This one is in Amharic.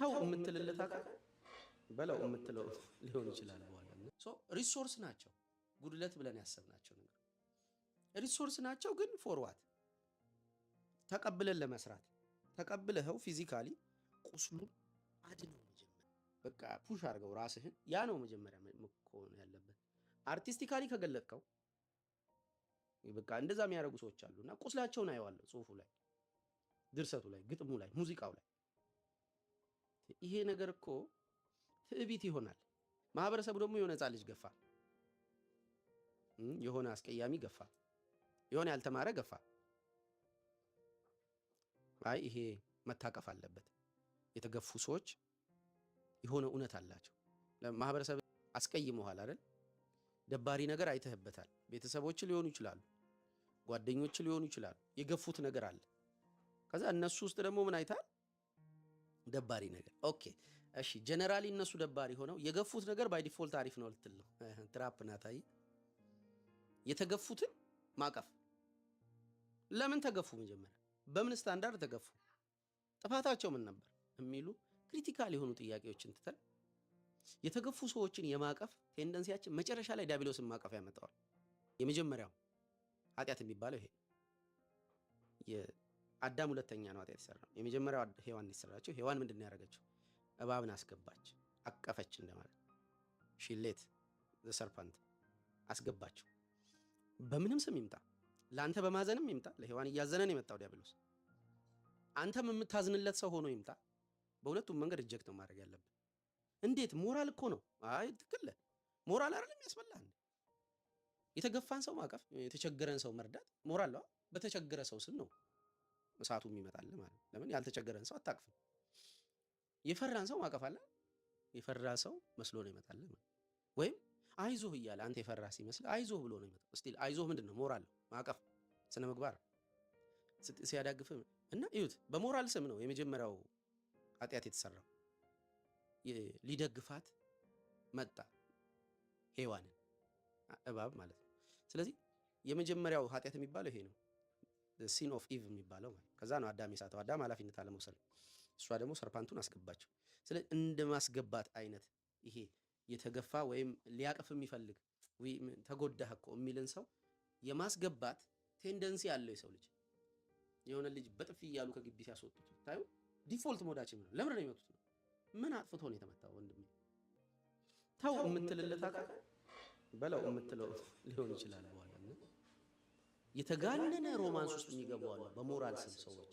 ተው የምትልለት አካል በለው የምትለው ሊሆን ይችላል። በኋላ ሪሶርስ ናቸው ጉድለት ብለን ያሰብናቸው ነገር ሪሶርስ ናቸው። ግን ፎርዋት ተቀብለን ለመስራት ተቀብለኸው ፊዚካሊ ቁስሉን አድነው መጀመሪያ በቃ ፑሽ አድርገው ራስህን። ያ ነው መጀመሪያ መሆን ያለበት። አርቲስቲካሊ ከገለጥከው በቃ እንደዛ የሚያደርጉ ሰዎች አሉ እና ቁስላቸውን አየዋለሁ ጽሁፉ ላይ፣ ድርሰቱ ላይ፣ ግጥሙ ላይ፣ ሙዚቃው ላይ ይሄ ነገር እኮ ትዕቢት ይሆናል። ማህበረሰቡ ደግሞ የሆነ ህፃን ልጅ ገፋ፣ የሆነ አስቀያሚ ገፋ፣ የሆነ ያልተማረ ገፋ። አይ ይሄ መታቀፍ አለበት። የተገፉ ሰዎች የሆነ እውነት አላቸው። ማህበረሰብ አስቀይመሃል አይደል? ደባሪ ነገር አይተህበታል። ቤተሰቦች ሊሆኑ ይችላሉ፣ ጓደኞች ሊሆኑ ይችላሉ። የገፉት ነገር አለ። ከዛ እነሱ ውስጥ ደግሞ ምን አይታል ደባሪ ነገር ኦኬ፣ እሺ። ጀነራሊ እነሱ ደባሪ ሆነው የገፉት ነገር ባይ ዲፎልት አሪፍ ነው ልትል ነው። ትራፕ ናታይ የተገፉትን ማቀፍ። ለምን ተገፉ? መጀመሪያ በምን ስታንዳርድ ተገፉ? ጥፋታቸው ምን ነበር? የሚሉ ክሪቲካል የሆኑ ጥያቄዎችን ትተን የተገፉ ሰዎችን የማቀፍ ቴንደንሲያችን መጨረሻ ላይ ዳቢሎስን ማቀፍ ያመጣዋል። የመጀመሪያው ኃጢአት የሚባለው ይሄ አዳም ሁለተኛ ነው ኃጢአት የመጀመሪያው ሔዋን የሰራችው ሔዋን ምንድን ነው ያደረገችው? እባብን አስገባች፣ አቀፈች እንደማለት ሽሌት ዘሰርፐንት አስገባችው። በምንም ስም ይምጣ ለአንተ በማዘንም ይምጣ ለሔዋን እያዘነን የመጣው ዲያብሎስ አንተም የምታዝንለት ሰው ሆኖ ይምጣ። በሁለቱም መንገድ እጀግ ነው ማድረግ ያለብን። እንዴት ሞራል እኮ ነው። አይ ትክክል ሞራል አይደለም ያስበላህ። የተገፋን ሰው ማቀፍ፣ የተቸገረን ሰው መርዳት ሞራል ነው። በተቸገረ ሰው ስም ነው እሳቱም ይመጣል ማለት ለምን ያልተቸገረን ሰው አታቅፍም። የፈራን ሰው ማቀፍ አለ። የፈራ ሰው መስሎ ነው ይመጣል ማለት ወይም አይዞህ እያለ አንተ የፈራ ሲመስል አይዞህ ብሎ ነው ይመጣ ስቲል አይዞህ ምንድን ነው? ሞራል ማቀፍ፣ ስነ ምግባር ሲያዳግፍ እና እዩት። በሞራል ስም ነው የመጀመሪያው አጥያት የተሰራው። ሊደግፋት መጣ ሔዋንን እባብ ማለት ነው። ስለዚህ የመጀመሪያው ኃጢአት የሚባለው ይሄ ነው። ሲን ኦፍ ኢቭ የሚባለው ከዛ ነው። አዳም የሳተው አዳም ኃላፊነት አለመውሰድ ነው። እሷ ደግሞ ሰርፓንቱን አስገባቸው። ስለዚህ እንደ ማስገባት አይነት ይሄ የተገፋ ወይም ሊያቅፍ የሚፈልግ ተጎዳህ እኮ የሚልን ሰው የማስገባት ቴንደንሲ ያለው የሰው ልጅ። የሆነ ልጅ በጥፊ እያሉ ከግቢ ሲያስወጡት ታዩ። ዲፎልት ሞዳችን ነው። ለምን ነው የመጡት? ነው ምን አጥፍቶ ነው የተመታው? ወንድም ተው የምትልለት በለው የምትለው ሊሆን ይችላል። የተጋነነ ሮማንስ ውስጥ የሚገቡ አሉ። በሞራል ስም ሰዎች